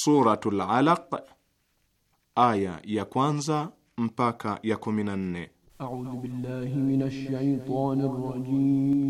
Suratul Alaq, aya ya kwanza mpaka ya kumi na nne. A'udhu billahi minash shaitanir rajim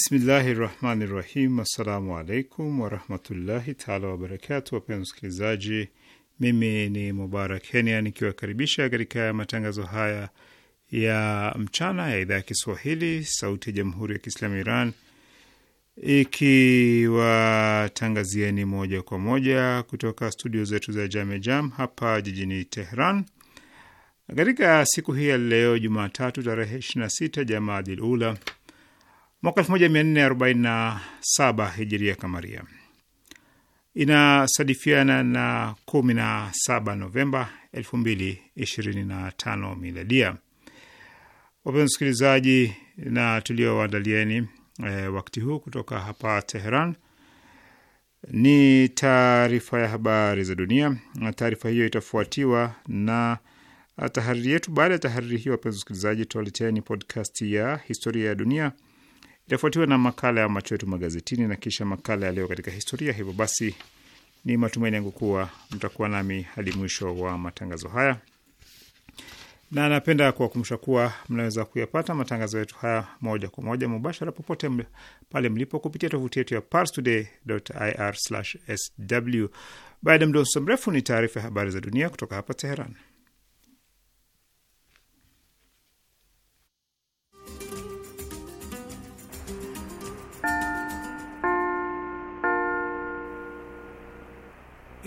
Bismillahi rahmani rahim. Assalamu alaikum warahmatullahi taala wabarakatu. Wapenzi wasikilizaji, mimi ni Mubarak Kenya nikiwakaribisha katika matangazo haya ya mchana ya idhaa ya Kiswahili sauti ya jamhuri ya Kiislamu Iran ikiwatangazieni moja kwa moja kutoka studio zetu za Jamejam hapa jijini Tehran katika siku hii ya leo Jumatatu tarehe 26 Jamaadil Ula mwaka 1447 hijiria kamaria, inasadifiana na 17 Novemba 2025 miladia. Wapenzi wasikilizaji, na tuliowaandalieni e, wakati huu kutoka hapa Teheran ni taarifa ya habari za dunia, na taarifa hiyo itafuatiwa na tahariri yetu. Baada ya tahariri hiyo, wapenzi wasikilizaji, tuwaleteeni podcast ya historia ya dunia itafuatiwa na makala ya macho yetu magazetini na kisha makala ya leo katika historia. Hivyo basi, ni matumaini yangu kuwa mtakuwa nami hadi mwisho wa matangazo haya, na napenda kuwakumbusha kuwa mnaweza kuyapata matangazo yetu haya moja kwa moja mubashara popote pale mlipo kupitia tovuti yetu ya parstoday.ir/sw. Baada ya mdoso mrefu ni taarifa ya habari za dunia kutoka hapa Teheran.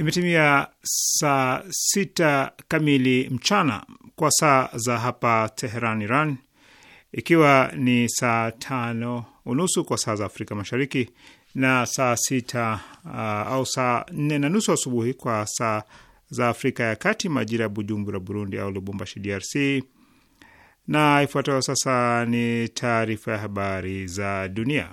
imetimia saa sita kamili mchana kwa saa za hapa Teheran, Iran, ikiwa ni saa tano unusu kwa saa za Afrika Mashariki na saa sita uh, au saa nne na nusu asubuhi kwa saa za Afrika ya Kati, majira ya Bujumbura, Burundi, au Lubumbashi, DRC. Na ifuatayo sasa ni taarifa ya habari za dunia.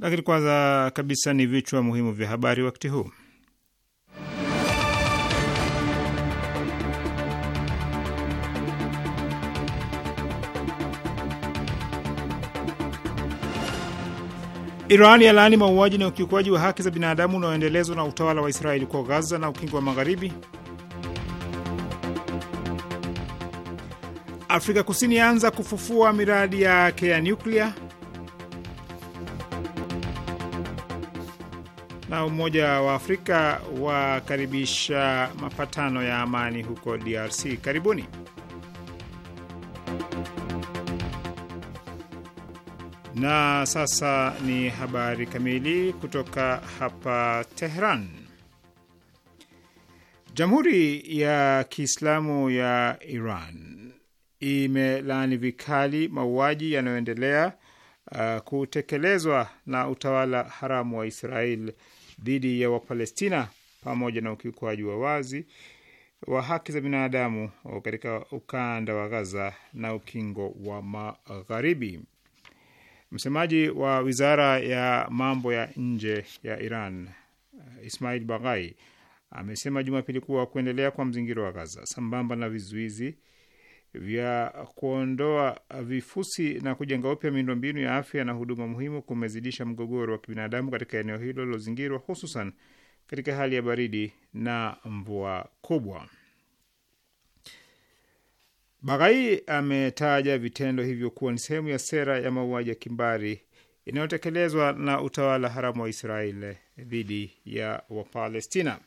Lakini kwanza kabisa ni vichwa muhimu vya habari wakati huu. Iran yalaani mauaji na ukiukwaji wa haki za binadamu unaoendelezwa na utawala wa Israeli kwa Gaza na ukingo wa Magharibi. Afrika Kusini yaanza kufufua miradi yake ya nyuklia. na Umoja wa Afrika wakaribisha mapatano ya amani huko DRC. Karibuni. Na sasa ni habari kamili kutoka hapa Tehran. Jamhuri ya Kiislamu ya Iran imelaani vikali mauaji yanayoendelea uh, kutekelezwa na utawala haramu wa Israel dhidi ya Wapalestina pamoja na ukiukwaji wa wazi wa haki za binadamu katika ukanda wa Gaza na ukingo wa Magharibi. Msemaji wa wizara ya mambo ya nje ya Iran Ismail Baghai amesema Jumapili kuwa kuendelea kwa mzingiro wa Gaza sambamba na vizuizi vya kuondoa vifusi na kujenga upya miundombinu ya afya na huduma muhimu kumezidisha mgogoro wa kibinadamu katika eneo hilo lilozingirwa, hususan katika hali ya baridi na mvua kubwa. Baghai ametaja vitendo hivyo kuwa ni sehemu ya sera ya mauaji ya kimbari inayotekelezwa na utawala haramu wa Israeli dhidi ya Wapalestina.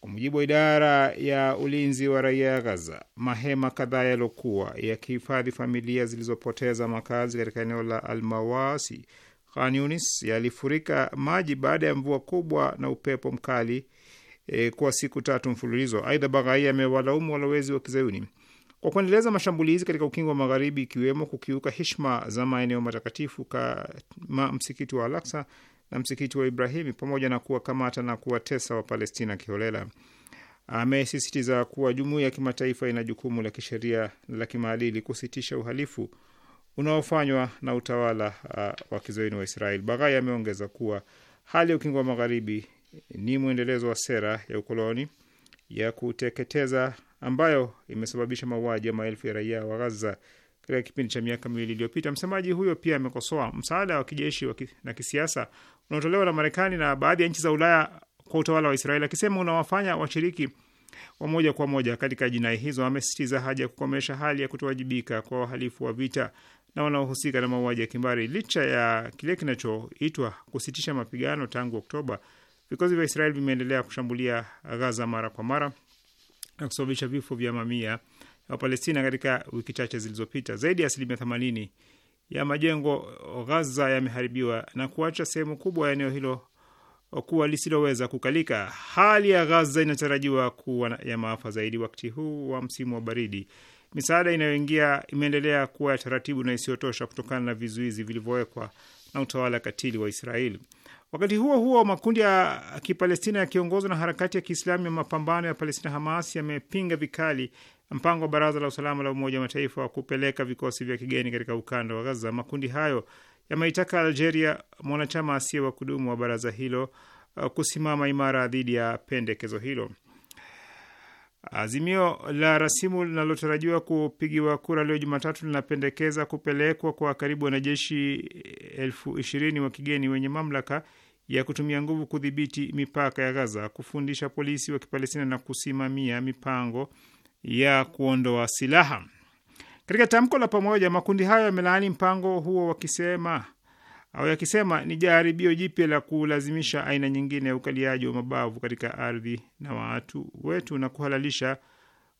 Kwa mujibu wa idara ya ulinzi wa raia ya Gaza, mahema kadhaa yaliokuwa yakihifadhi familia zilizopoteza makazi katika eneo la Almawasi Khan Yunis yalifurika maji baada ya mvua kubwa na upepo mkali e, kwa siku tatu mfululizo. Aidha, Baghai amewalaumu walowezi wa kizayuni kwa kuendeleza mashambulizi katika ukingo wa magharibi ikiwemo kukiuka heshima za maeneo matakatifu kama msikiti wa Al-Aqsa na msikiti wa Ibrahimi pamoja na kuwakamata na kuwatesa Wapalestina kiholela. Amesisitiza kuwa jumuiya ya kimataifa ina jukumu la kisheria na la kimaadili kusitisha uhalifu unaofanywa na utawala uh, wa kizoini wa Israeli. Baghai ameongeza kuwa hali ya ukingo wa magharibi ni mwendelezo wa sera ya ukoloni ya kuteketeza ambayo imesababisha mauaji ya maelfu ya raia wa Gaza katika kipindi cha miaka miwili iliyopita. Msemaji huyo pia amekosoa msaada wa kijeshi na kisiasa unaotolewa na Marekani na baadhi ya nchi za Ulaya kwa utawala wa Israeli, akisema unawafanya washiriki wa moja kwa moja katika jinai hizo. Amesisitiza haja ya kukomesha hali ya kutowajibika kwa wahalifu wa vita na wanaohusika na mauaji ya kimbari. Licha ya kile kinachoitwa kusitisha mapigano tangu Oktoba, vikosi vya Israeli vimeendelea kushambulia Gaza mara kwa mara na kusababisha vifo vya mamia ya Wapalestina. Katika wiki chache zilizopita, zaidi ya asilimia themanini ya majengo Ghaza yameharibiwa na kuacha sehemu kubwa ya eneo hilo kuwa lisiloweza kukalika. Hali ya Ghaza inatarajiwa kuwa ya maafa zaidi wakati huu wa msimu wa baridi. Misaada inayoingia imeendelea kuwa ya taratibu na isiyotosha kutokana na vizuizi vilivyowekwa na utawala katili wa Israeli. Wakati huo huo, makundi ya Kipalestina yakiongozwa na harakati ya Kiislamu ya mapambano ya Palestina, Hamas, yamepinga vikali mpango wa Baraza la Usalama la Umoja wa Mataifa wa kupeleka vikosi vya kigeni katika ukanda wa Gaza, makundi hayo yameitaka Algeria, mwanachama asiye wa kudumu wa baraza hilo, uh, kusimama imara dhidi ya pendekezo hilo. Azimio la rasimu linalotarajiwa kupigiwa kura leo Jumatatu linapendekeza kupelekwa kwa karibu wanajeshi elfu ishirini wa kigeni wenye mamlaka ya kutumia nguvu kudhibiti mipaka ya Gaza, kufundisha polisi wa Kipalestina na kusimamia mipango ya kuondoa silaha. Katika tamko la pamoja, makundi hayo yamelaani mpango huo wakisema au yakisema ni jaribio jipya la kulazimisha aina nyingine ya ukaliaji wa mabavu katika ardhi na watu wetu na kuhalalisha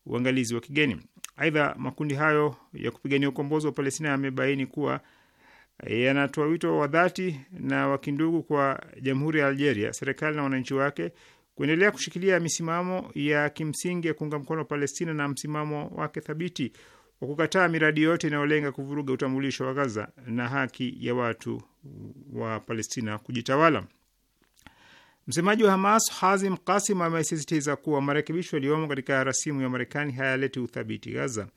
uangalizi wa kigeni. Aidha, makundi hayo ya kupigania ukombozi wa Palestina yamebaini kuwa yanatoa wito wa dhati na wakindugu kwa jamhuri ya Algeria, serikali na wananchi wake kuendelea kushikilia misimamo ya kimsingi ya kuunga mkono Palestina na msimamo wake thabiti wa kukataa miradi yote inayolenga kuvuruga utambulisho wa Gaza na haki ya watu wa Palestina kujitawala. Msemaji wa Hamas Hazim Kasim amesisitiza kuwa marekebisho yaliyomo katika rasimu ya Marekani hayaleti uthabiti Gaza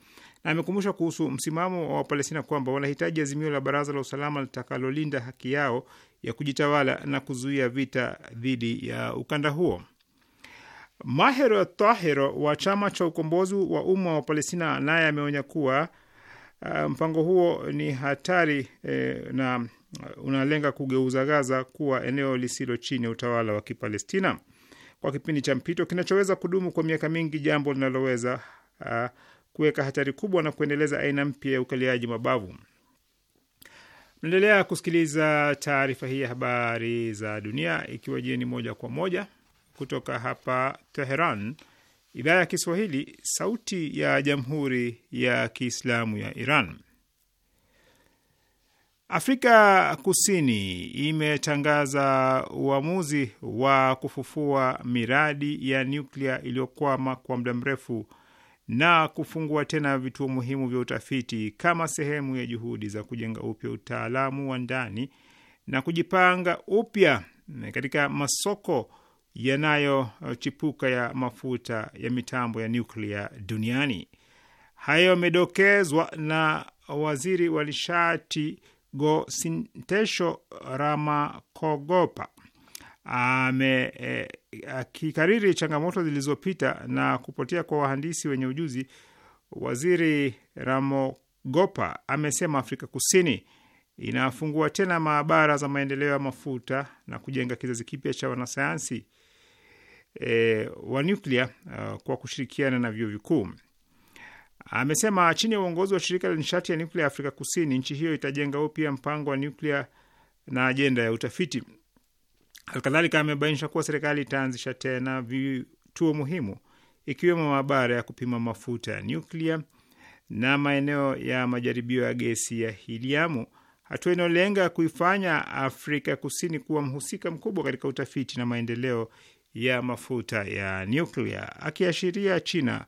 na amekumbusha kuhusu msimamo wa Wapalestina kwamba wanahitaji azimio la Baraza la Usalama litakalolinda haki yao ya kujitawala na kuzuia vita dhidi ya ukanda huo. Mahero Tahero wa chama cha ukombozi wa umma wa Palestina naye ameonya kuwa uh, mpango huo ni hatari eh, na unalenga kugeuza Gaza kuwa eneo lisilo chini ya utawala wa Kipalestina kwa kipindi cha mpito kinachoweza kudumu kwa miaka mingi, jambo linaloweza uh, kuweka hatari kubwa na kuendeleza aina mpya ya ukaliaji mabavu. Mnaendelea kusikiliza taarifa hii ya habari za dunia ikiwa jieni moja kwa moja kutoka hapa Teheran, idhaa ya Kiswahili, sauti ya jamhuri ya kiislamu ya Iran. Afrika Kusini imetangaza uamuzi wa kufufua miradi ya nyuklia iliyokwama kwa muda mrefu na kufungua tena vituo muhimu vya utafiti kama sehemu ya juhudi za kujenga upya utaalamu wa ndani na kujipanga upya katika masoko yanayochipuka ya mafuta ya mitambo ya nyuklia duniani. Hayo yamedokezwa na waziri wa nishati Go Sintesho Ramakogopa E, akikariri e, changamoto zilizopita na kupotea kwa wahandisi wenye ujuzi, Waziri Ramogopa amesema Afrika Kusini inafungua tena maabara za maendeleo ya mafuta na kujenga kizazi kipya cha wanasayansi e, wa nuklia uh, e, kwa kushirikiana na vyuo vikuu. Amesema chini ya uongozi wa shirika la nishati ya nyuklia ya Afrika Kusini, nchi hiyo itajenga upya mpango wa nyuklia na ajenda ya utafiti alkadhalika amebainisha kuwa serikali itaanzisha tena vituo muhimu ikiwemo maabara ya kupima mafuta ya nyuklia na maeneo ya majaribio ya gesi ya hiliamu, hatua inayolenga kuifanya Afrika Kusini kuwa mhusika mkubwa katika utafiti na maendeleo ya mafuta ya nyuklia. Akiashiria China,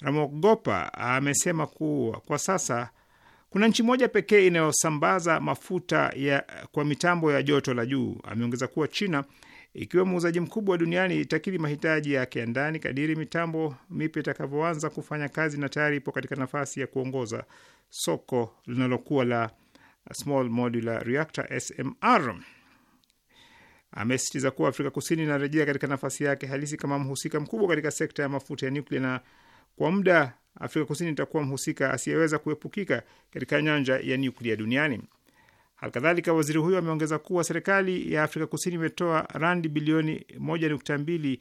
Ramogopa amesema kuwa kwa sasa kuna nchi moja pekee inayosambaza mafuta ya kwa mitambo ya joto la juu. Ameongeza kuwa China ikiwa muuzaji mkubwa duniani itakidhi mahitaji yake ya ndani kadiri mitambo mipya itakavyoanza kufanya kazi, na tayari ipo katika nafasi ya kuongoza soko linalokuwa la small modular reactor SMR. Amesisitiza kuwa Afrika Kusini inarejea katika nafasi yake halisi kama mhusika mkubwa katika sekta ya mafuta ya nyuklia na kwa muda Afrika Kusini itakuwa mhusika asiyeweza kuepukika katika nyanja ya nyuklia duniani. Halikadhalika, waziri huyo ameongeza kuwa serikali ya Afrika Kusini imetoa randi bilioni 1.2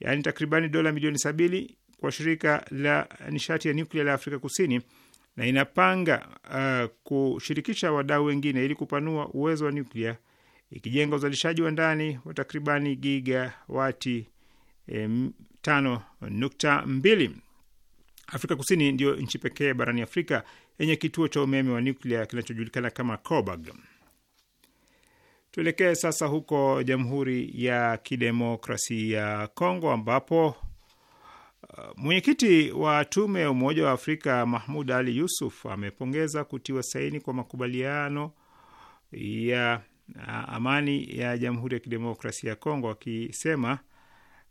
yaani takribani dola milioni sabini kwa shirika la nishati ya nyuklia la Afrika Kusini na inapanga uh, kushirikisha wadau wengine ili kupanua uwezo wa nyuklia ikijenga uzalishaji wa ndani wa takribani gigawati 5.2. Eh, Afrika Kusini ndiyo nchi pekee barani Afrika yenye kituo cha umeme wa nuklia kinachojulikana kama Koburg. Tuelekee sasa huko Jamhuri ya Kidemokrasi ya Kongo ambapo uh, mwenyekiti wa tume ya Umoja wa Afrika Mahmud Ali Yusuf amepongeza kutiwa saini kwa makubaliano ya uh, amani ya Jamhuri ya Kidemokrasia ya Kongo akisema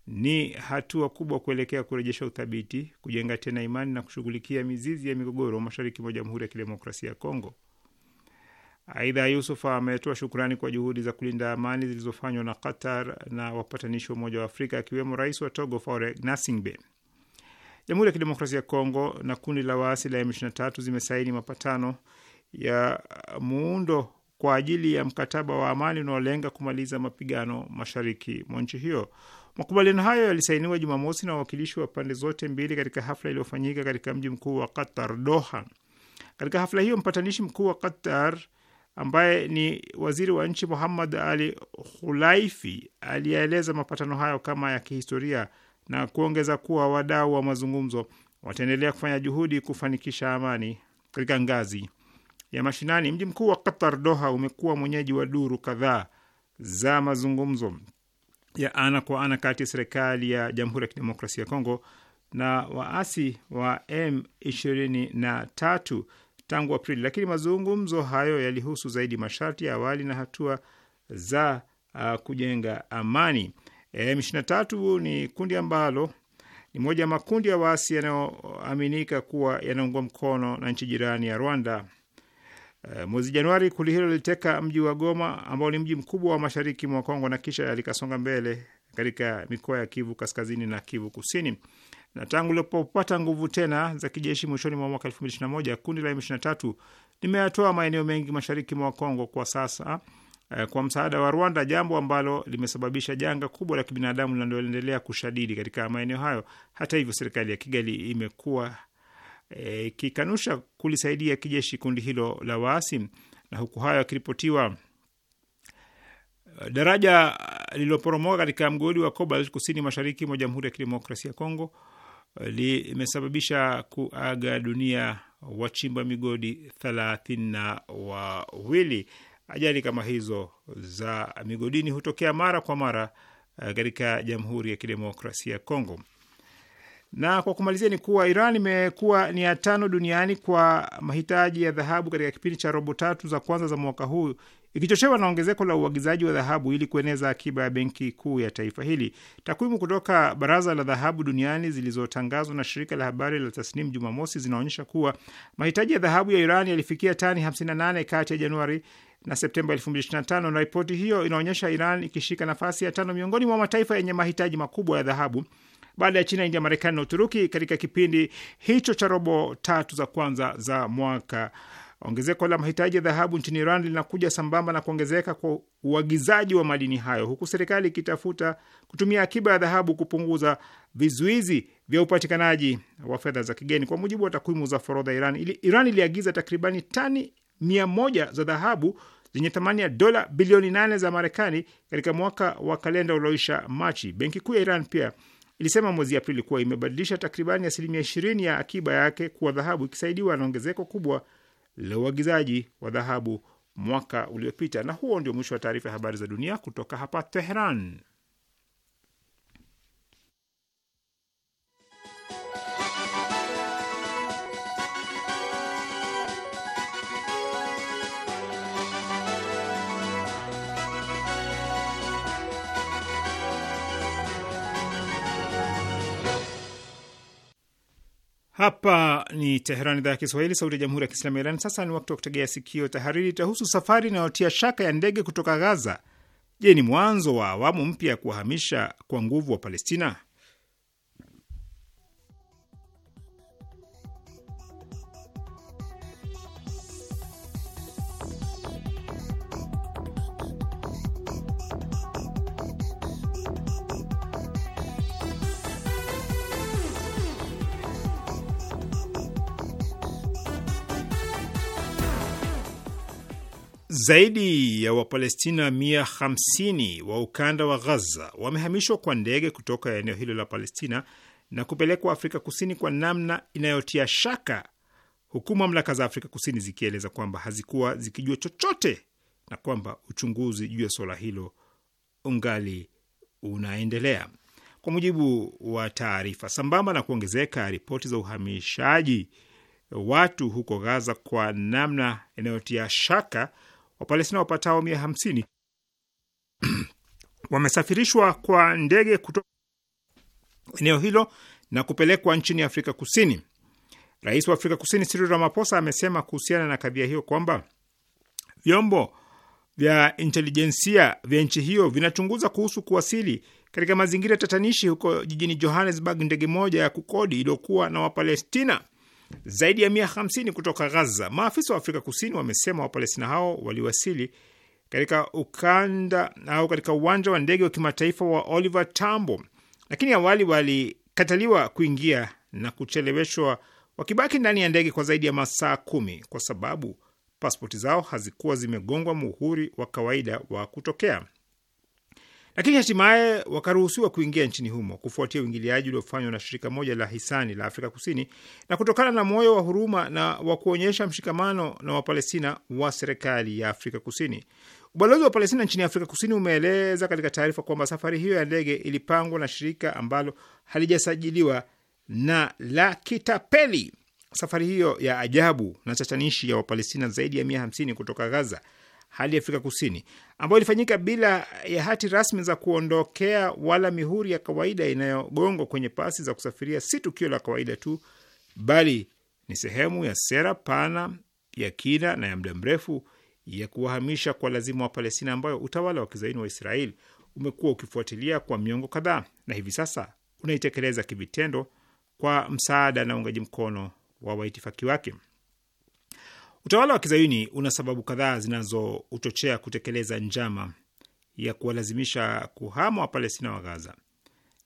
ni hatua kubwa kuelekea kurejesha uthabiti, kujenga tena imani na kushughulikia mizizi ya migogoro mashariki mwa Jamhuri ya Kidemokrasia ya Kongo. Aidha, Yusuf ametoa shukrani kwa juhudi za kulinda amani zilizofanywa na Qatar na wapatanishi wa Umoja wa Afrika, akiwemo Rais wa Togo Faure Gnassingbé. Jamhuri ya Kidemokrasia ya Kongo na kundi la waasi la M23 zimesaini mapatano ya muundo kwa ajili ya mkataba wa amani unaolenga kumaliza mapigano mashariki mwa nchi hiyo. Makubaliano hayo yalisainiwa Jumamosi na wawakilishi wa pande zote mbili katika hafla iliyofanyika katika mji mkuu wa Qatar, Doha. Katika hafla hiyo, mpatanishi mkuu wa Qatar ambaye ni waziri wa nchi Muhammad Ali Khulaifi aliyaeleza mapatano hayo kama ya kihistoria na kuongeza kuwa wadau wa mazungumzo wataendelea kufanya juhudi kufanikisha amani katika ngazi ya mashinani. Mji mkuu wa Qatar, Doha, umekuwa mwenyeji wa duru kadhaa za mazungumzo ya ana kwa ana kati ya serikali ya Jamhuri ya Kidemokrasia ya Kongo na waasi wa M23 tangu Aprili, lakini mazungumzo hayo yalihusu zaidi masharti ya awali na hatua za uh, kujenga amani. M23 ni kundi ambalo ni moja ya makundi ya waasi yanayoaminika kuwa yanaungwa mkono na nchi jirani ya Rwanda. Eh, mwezi Januari kundi hilo liliteka mji wa Goma ambao ni mji mkubwa wa mashariki mwa Kongo na kisha likasonga mbele katika mikoa ya Kivu kaskazini na Kivu kusini. Na tangu lilipopata nguvu tena za kijeshi mwishoni mwa mwaka 2021 kundi la M23 limeyatoa maeneo mengi mashariki mwa Kongo kwa sasa eh, kwa msaada wa Rwanda, jambo ambalo limesababisha janga kubwa la kibinadamu linaloendelea kushadidi katika maeneo hayo. Hata hivyo, serikali ya Kigali imekuwa e, kikanusha kulisaidia kijeshi kundi hilo la waasi, na huku hayo akiripotiwa daraja lililoporomoka katika mgodi wa cobalt kusini mashariki mwa Jamhuri ya Kidemokrasia ya Kongo limesababisha kuaga dunia wachimba migodi thelathini na wawili. Ajali kama hizo za migodini hutokea mara kwa mara eh, katika Jamhuri ya Kidemokrasia ya Kongo. Na kwa kumalizia ni kuwa Iran imekuwa ni ya tano duniani kwa mahitaji ya dhahabu katika kipindi cha robo tatu za kwanza za mwaka huu ikichochewa na ongezeko la uagizaji wa dhahabu ili kueneza akiba ya benki kuu ya taifa hili. Takwimu kutoka Baraza la Dhahabu Duniani zilizotangazwa na shirika la habari la Tasnim Jumamosi zinaonyesha kuwa mahitaji ya dhahabu ya Iran yalifikia tani 58 kati ya Januari na Septemba 2025 na ripoti hiyo inaonyesha Iran ikishika nafasi ya tano miongoni mwa mataifa yenye mahitaji makubwa ya dhahabu baada ya China, India, Marekani na Uturuki katika kipindi hicho cha robo tatu za kwanza za mwaka. Ongezeko la mahitaji ya dhahabu nchini Iran linakuja sambamba na kuongezeka kwa uagizaji wa madini hayo, huku serikali ikitafuta kutumia akiba ya dhahabu kupunguza vizuizi vya upatikanaji wa fedha za kigeni. Kwa mujibu wa takwimu za forodha Iran, ili, Iran iliagiza takribani tani mia moja za dhahabu zenye thamani ya dola bilioni nane za Marekani katika mwaka wa kalenda ulioisha Machi. Benki Kuu ya Iran pia ilisema mwezi Aprili kuwa imebadilisha takribani asilimia ishirini ya akiba yake kuwa dhahabu ikisaidiwa na ongezeko kubwa la uagizaji wa dhahabu mwaka uliopita. Na huo ndio mwisho wa taarifa ya habari za dunia kutoka hapa teheran Hapa ni Teheran, idhaa ya Kiswahili, sauti ya jamhuri ya kiislamu ya Iran. Sasa ni wakati wa kutegea sikio. Tahariri itahusu safari inayotia shaka ya ndege kutoka Gaza. Je, ni mwanzo wa awamu mpya ya kuwahamisha kwa nguvu wa Palestina? Zaidi ya Wapalestina 150 wa ukanda wa gaza wamehamishwa kwa ndege kutoka eneo hilo la Palestina na kupelekwa Afrika Kusini kwa namna inayotia shaka, huku mamlaka za Afrika Kusini zikieleza kwamba hazikuwa zikijua chochote na kwamba uchunguzi juu ya suala hilo ungali unaendelea. Kwa mujibu wa taarifa, sambamba na kuongezeka ripoti za uhamishaji watu huko Gaza kwa namna inayotia shaka, Wapalestina wapatao mia hamsini wamesafirishwa kwa ndege kutoka eneo hilo na kupelekwa nchini Afrika Kusini. Rais wa Afrika Kusini Cyril Ramaphosa amesema kuhusiana na kadhia hiyo kwamba vyombo vya intelijensia vya nchi hiyo vinachunguza kuhusu kuwasili katika mazingira tatanishi huko jijini Johannesburg ndege moja ya kukodi iliyokuwa na Wapalestina zaidi ya mia hamsini kutoka Ghaza. Maafisa wa Afrika Kusini wamesema Wapalestina hao waliwasili katika ukanda au katika uwanja wa ndege wa kimataifa wa Oliver Tambo, lakini awali walikataliwa kuingia na kucheleweshwa wakibaki ndani ya ndege kwa zaidi ya masaa kumi kwa sababu paspoti zao hazikuwa zimegongwa muhuri wa kawaida wa kutokea lakini hatimaye wakaruhusiwa kuingia nchini humo kufuatia uingiliaji uliofanywa na shirika moja la hisani la Afrika Kusini na kutokana na moyo wa huruma na wa kuonyesha mshikamano na Wapalestina wa serikali ya Afrika Kusini. Ubalozi wa Palestina nchini Afrika Kusini umeeleza katika taarifa kwamba safari hiyo ya ndege ilipangwa na shirika ambalo halijasajiliwa na la kitapeli. Safari hiyo ya ajabu na tatanishi ya Wapalestina zaidi ya mia hamsini kutoka Gaza hadi Afrika Kusini, ambayo ilifanyika bila ya hati rasmi za kuondokea wala mihuri ya kawaida inayogongwa kwenye pasi za kusafiria, si tukio la kawaida tu, bali ni sehemu ya sera pana ya kina na ya muda mrefu ya kuwahamisha kwa lazima wa Palestina ambayo utawala wa kizaini wa Israeli umekuwa ukifuatilia kwa miongo kadhaa na hivi sasa unaitekeleza kivitendo kwa msaada na uungaji mkono wa waitifaki wake. Utawala wa kizayuni una sababu kadhaa zinazouchochea kutekeleza njama ya kuwalazimisha kuhama Wapalestina wa Gaza,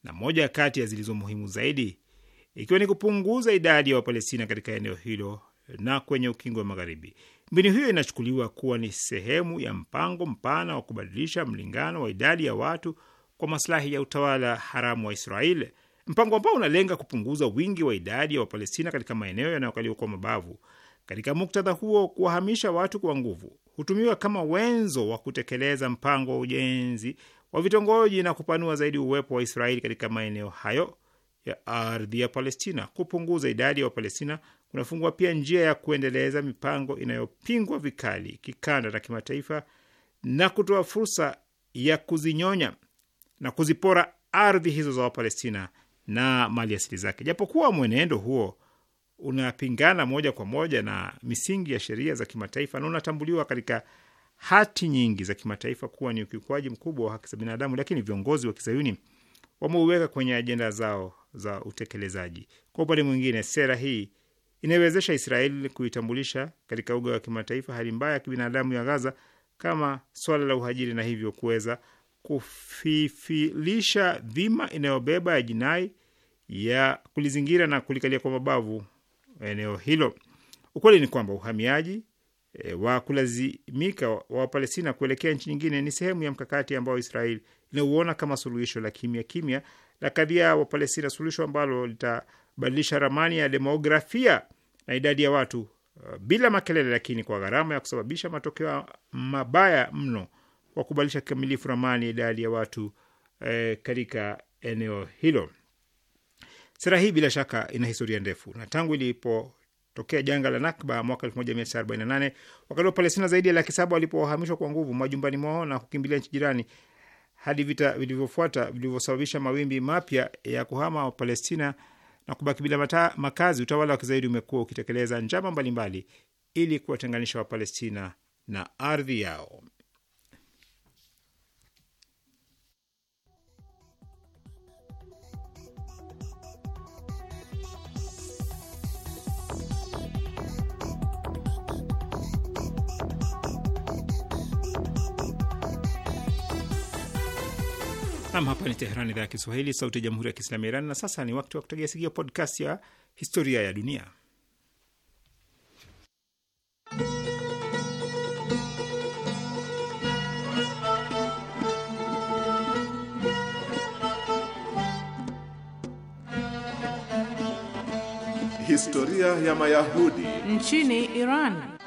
na moja kati ya zilizo muhimu zaidi ikiwa ni kupunguza idadi ya Wapalestina katika eneo hilo na kwenye ukingo wa Magharibi. Mbinu hiyo inachukuliwa kuwa ni sehemu ya mpango mpana wa kubadilisha mlingano wa idadi ya watu kwa maslahi ya utawala haramu wa Israeli, mpango ambao unalenga kupunguza wingi wa idadi ya Wapalestina katika maeneo yanayokaliwa kwa mabavu katika muktadha huo, kuwahamisha watu kwa nguvu hutumiwa kama wenzo wa kutekeleza mpango wa ujenzi wa vitongoji na kupanua zaidi uwepo wa Israeli katika maeneo hayo ya ardhi ya Palestina. Kupunguza idadi ya Wapalestina kunafungua pia njia ya kuendeleza mipango inayopingwa vikali kikanda na kimataifa na kutoa fursa ya kuzinyonya na kuzipora ardhi hizo za Wapalestina na maliasili zake. Japokuwa mwenendo huo unapingana moja kwa moja na misingi ya sheria za kimataifa na unatambuliwa katika hati nyingi za kimataifa kuwa ni ukiukwaji mkubwa wa haki za binadamu, lakini viongozi wa kizayuni wameuweka kwenye ajenda zao za utekelezaji. Kwa upande mwingine, sera hii inaiwezesha Israeli kuitambulisha katika uga wa kimataifa hali mbaya ya kibinadamu ya Gaza kama swala la uhajiri na hivyo kuweza kufifilisha dhima inayobeba ya jinai ya kulizingira na kulikalia kwa mabavu eneo hilo. Ukweli ni kwamba uhamiaji e, wa kulazimika wa Wapalestina kuelekea nchi nyingine ni sehemu ya mkakati ambao Israel inauona kama suluhisho la kimya kimya la kadhia ya Wapalestina, suluhisho ambalo litabadilisha ramani ya demografia na idadi ya watu e, bila makelele, lakini kwa gharama ya kusababisha matokeo mabaya mno kwa kubadilisha kikamilifu ramani ya idadi ya watu e, katika eneo hilo. Sera hii bila shaka ina historia ndefu na tangu ilipotokea janga la Nakba mwaka 1948 wakati wa Palestina zaidi ya laki saba walipohamishwa kwa nguvu majumbani mwao na kukimbilia nchi jirani hadi vita vilivyofuata vilivyosababisha mawimbi mapya ya kuhama wa Palestina na kubaki bila mata, makazi. Utawala wa kizaidi umekuwa ukitekeleza njama mbalimbali ili kuwatenganisha Wapalestina na ardhi yao. Nam, hapa ni Teheran, idhaa ya Kiswahili, sauti ya jamhuri ya kiislamu ya Iran. Na sasa ni wakati wa kutegea sikio podcast ya historia ya dunia. Historia ya Mayahudi nchini Iran.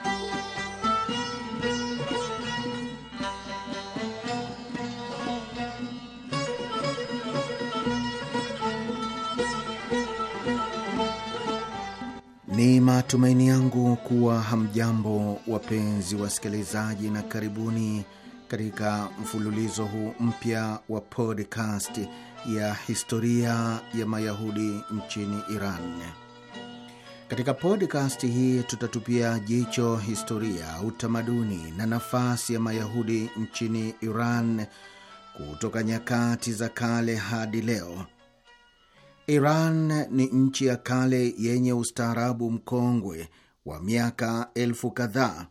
Ni matumaini yangu kuwa hamjambo, wapenzi wasikilizaji, na karibuni katika mfululizo huu mpya wa podcast ya historia ya Mayahudi nchini Iran. Katika podcast hii tutatupia jicho historia, utamaduni na nafasi ya Mayahudi nchini Iran kutoka nyakati za kale hadi leo Iran ni nchi ya kale yenye ustaarabu mkongwe wa miaka elfu kadhaa.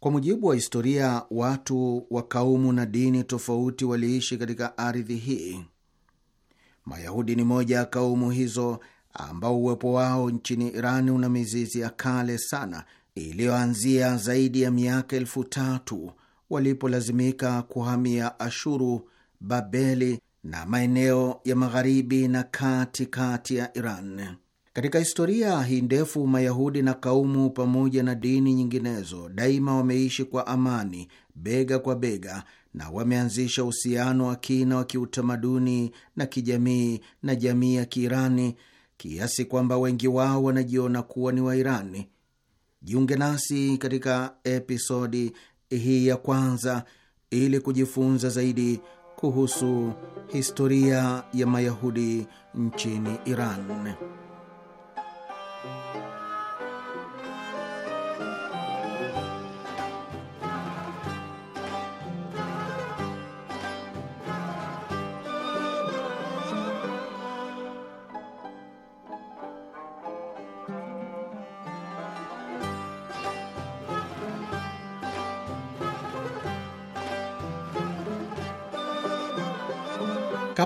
Kwa mujibu wa historia, watu wa kaumu na dini tofauti waliishi katika ardhi hii. Mayahudi ni moja ya kaumu hizo ambao uwepo wao nchini Iran una mizizi ya kale sana iliyoanzia zaidi ya miaka elfu tatu walipolazimika kuhamia Ashuru, Babeli na maeneo ya magharibi na kati kati ya Iran. Katika historia hii ndefu, Mayahudi na kaumu pamoja na dini nyinginezo daima wameishi kwa amani bega kwa bega na wameanzisha uhusiano wa kina wa kiutamaduni na kijamii na jamii ya Kiirani kiasi kwamba wengi wao wanajiona kuwa ni Wairani. Jiunge nasi katika episodi hii ya kwanza ili kujifunza zaidi kuhusu historia ya Mayahudi nchini Iran.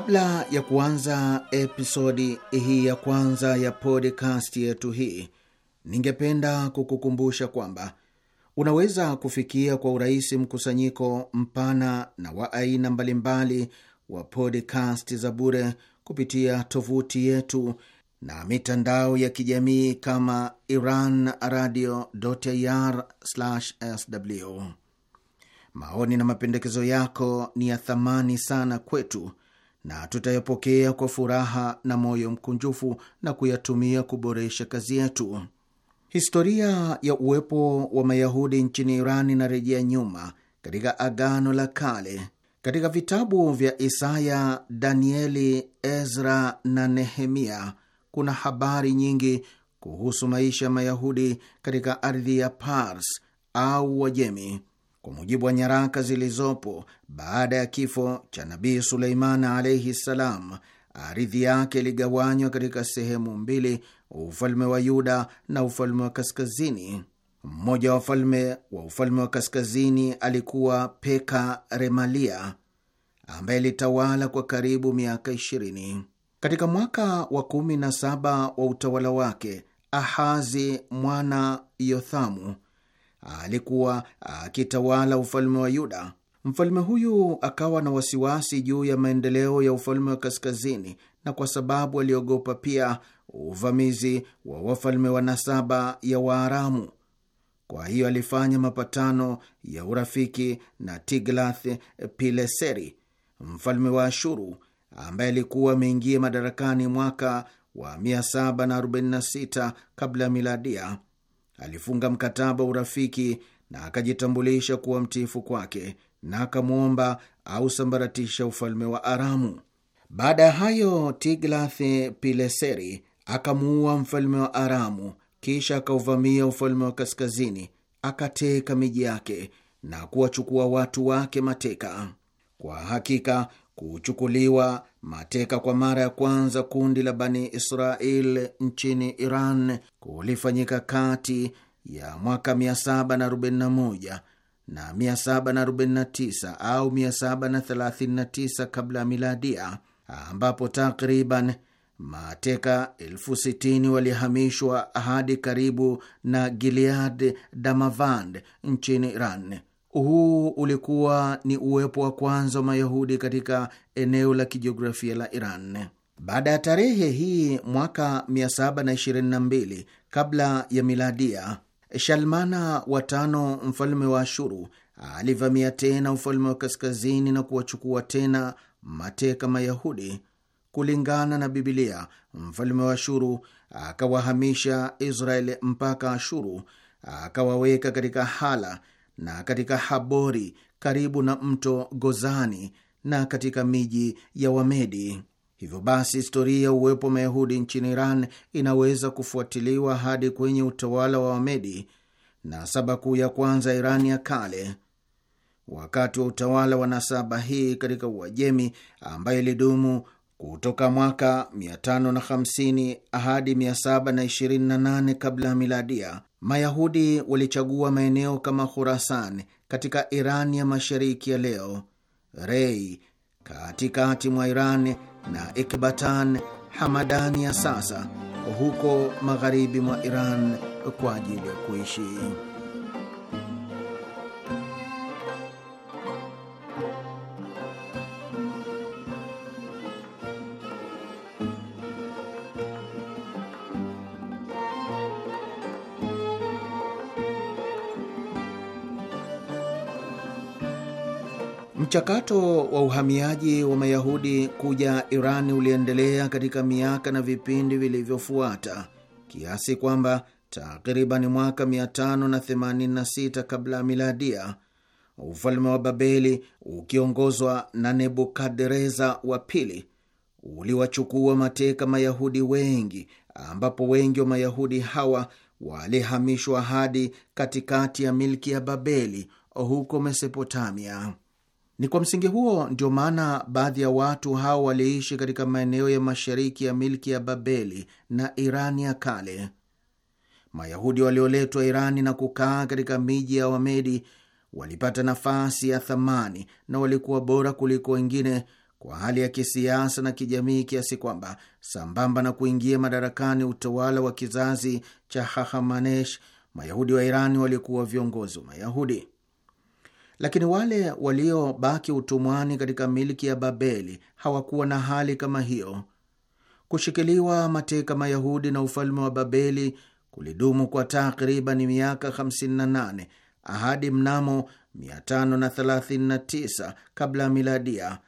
Kabla ya kuanza episodi hii ya kwanza ya podcast yetu hii, ningependa kukukumbusha kwamba unaweza kufikia kwa urahisi mkusanyiko mpana na wa aina mbalimbali wa podcast za bure kupitia tovuti yetu na mitandao ya kijamii kama Iran Radio sw. Maoni na mapendekezo yako ni ya thamani sana kwetu na tutayapokea kwa furaha na moyo mkunjufu na kuyatumia kuboresha kazi yetu. Historia ya uwepo wa Mayahudi nchini Iran inarejea nyuma katika Agano la Kale. Katika vitabu vya Isaya, Danieli, Ezra na Nehemia kuna habari nyingi kuhusu maisha ya Mayahudi katika ardhi ya Pars au Wajemi. Kwa mujibu wa nyaraka zilizopo, baada ya kifo cha Nabii Suleiman alaihi ssalam, ardhi yake iligawanywa katika sehemu mbili, ufalme wa Yuda na ufalme wa kaskazini. Mmoja wa falme wa ufalme wa kaskazini alikuwa Peka Remalia ambaye ilitawala kwa karibu miaka 20. Katika mwaka wa kumi na saba wa utawala wake, Ahazi mwana Yothamu alikuwa akitawala ufalme wa Yuda. Mfalme huyu akawa na wasiwasi juu ya maendeleo ya ufalme wa kaskazini, na kwa sababu aliogopa pia uvamizi wa wafalme wa nasaba ya Waaramu. Kwa hiyo alifanya mapatano ya urafiki na Tiglath Pileseri, mfalme wa Ashuru, ambaye alikuwa ameingia madarakani mwaka wa 746 kabla ya miladia alifunga mkataba wa urafiki na akajitambulisha kuwa mtifu kwake na akamwomba ausambaratisha ufalme wa Aramu. Baada ya hayo, Tiglath Pileseri akamuua mfalme wa Aramu, kisha akauvamia ufalme wa kaskazini, akateka miji yake na kuwachukua watu wake mateka. Kwa hakika kuchukuliwa mateka kwa mara ya kwanza kundi la Bani Israel nchini Iran kulifanyika kati ya mwaka 741 na 749 au 739 kabla ya miladia, ambapo takriban mateka elfu sitini walihamishwa hadi karibu na Gilead Damavand nchini Iran. Huu ulikuwa ni uwepo wa kwanza wa Mayahudi katika eneo la kijiografia la Iran. Baada ya tarehe hii mwaka 722 kabla ya miladia, Shalmana wa tano mfalme wa Ashuru alivamia tena ufalme wa kaskazini na kuwachukua tena mateka Mayahudi. Kulingana na Bibilia, mfalme wa Ashuru akawahamisha Israeli mpaka Ashuru, akawaweka katika hala na katika Habori karibu na mto Gozani na katika miji ya Wamedi. Hivyo basi historia ya uwepo wa Mayahudi nchini Iran inaweza kufuatiliwa hadi kwenye utawala wa Wamedi na saba kuu ya kwanza Irani ya kale. Wakati wa utawala wa nasaba hii katika Uajemi, ambayo ilidumu kutoka mwaka 550 hadi 728 kabla ya miladia. Mayahudi walichagua maeneo kama Khurasan katika Iran ya mashariki ya leo, Rei katikati mwa Iran na Ekbatan Hamadani ya sasa huko magharibi mwa Iran kwa ajili ya kuishi. Mchakato wa uhamiaji wa Mayahudi kuja Iran uliendelea katika miaka na vipindi vilivyofuata kiasi kwamba takriban mwaka 586 kabla ya miladia ufalme wa Babeli ukiongozwa na Nebukadreza wa pili uliwachukua mateka Mayahudi wengi, ambapo wengi wa Mayahudi hawa walihamishwa hadi katikati ya milki ya Babeli huko Mesopotamia. Ni kwa msingi huo ndio maana baadhi ya watu hao waliishi katika maeneo ya mashariki ya milki ya Babeli na Irani ya kale. Mayahudi walioletwa Irani na kukaa katika miji ya Wamedi walipata nafasi ya thamani na walikuwa bora kuliko wengine kwa hali ya kisiasa na kijamii, kiasi kwamba sambamba na kuingia madarakani utawala wa kizazi cha Hahamanesh, Mayahudi wa Irani walikuwa viongozi wa Mayahudi. Lakini wale waliobaki utumwani katika milki ya Babeli hawakuwa na hali kama hiyo. Kushikiliwa mateka Mayahudi na ufalme wa Babeli kulidumu kwa takriban miaka 58 hadi mnamo 539 kabla ya miladia,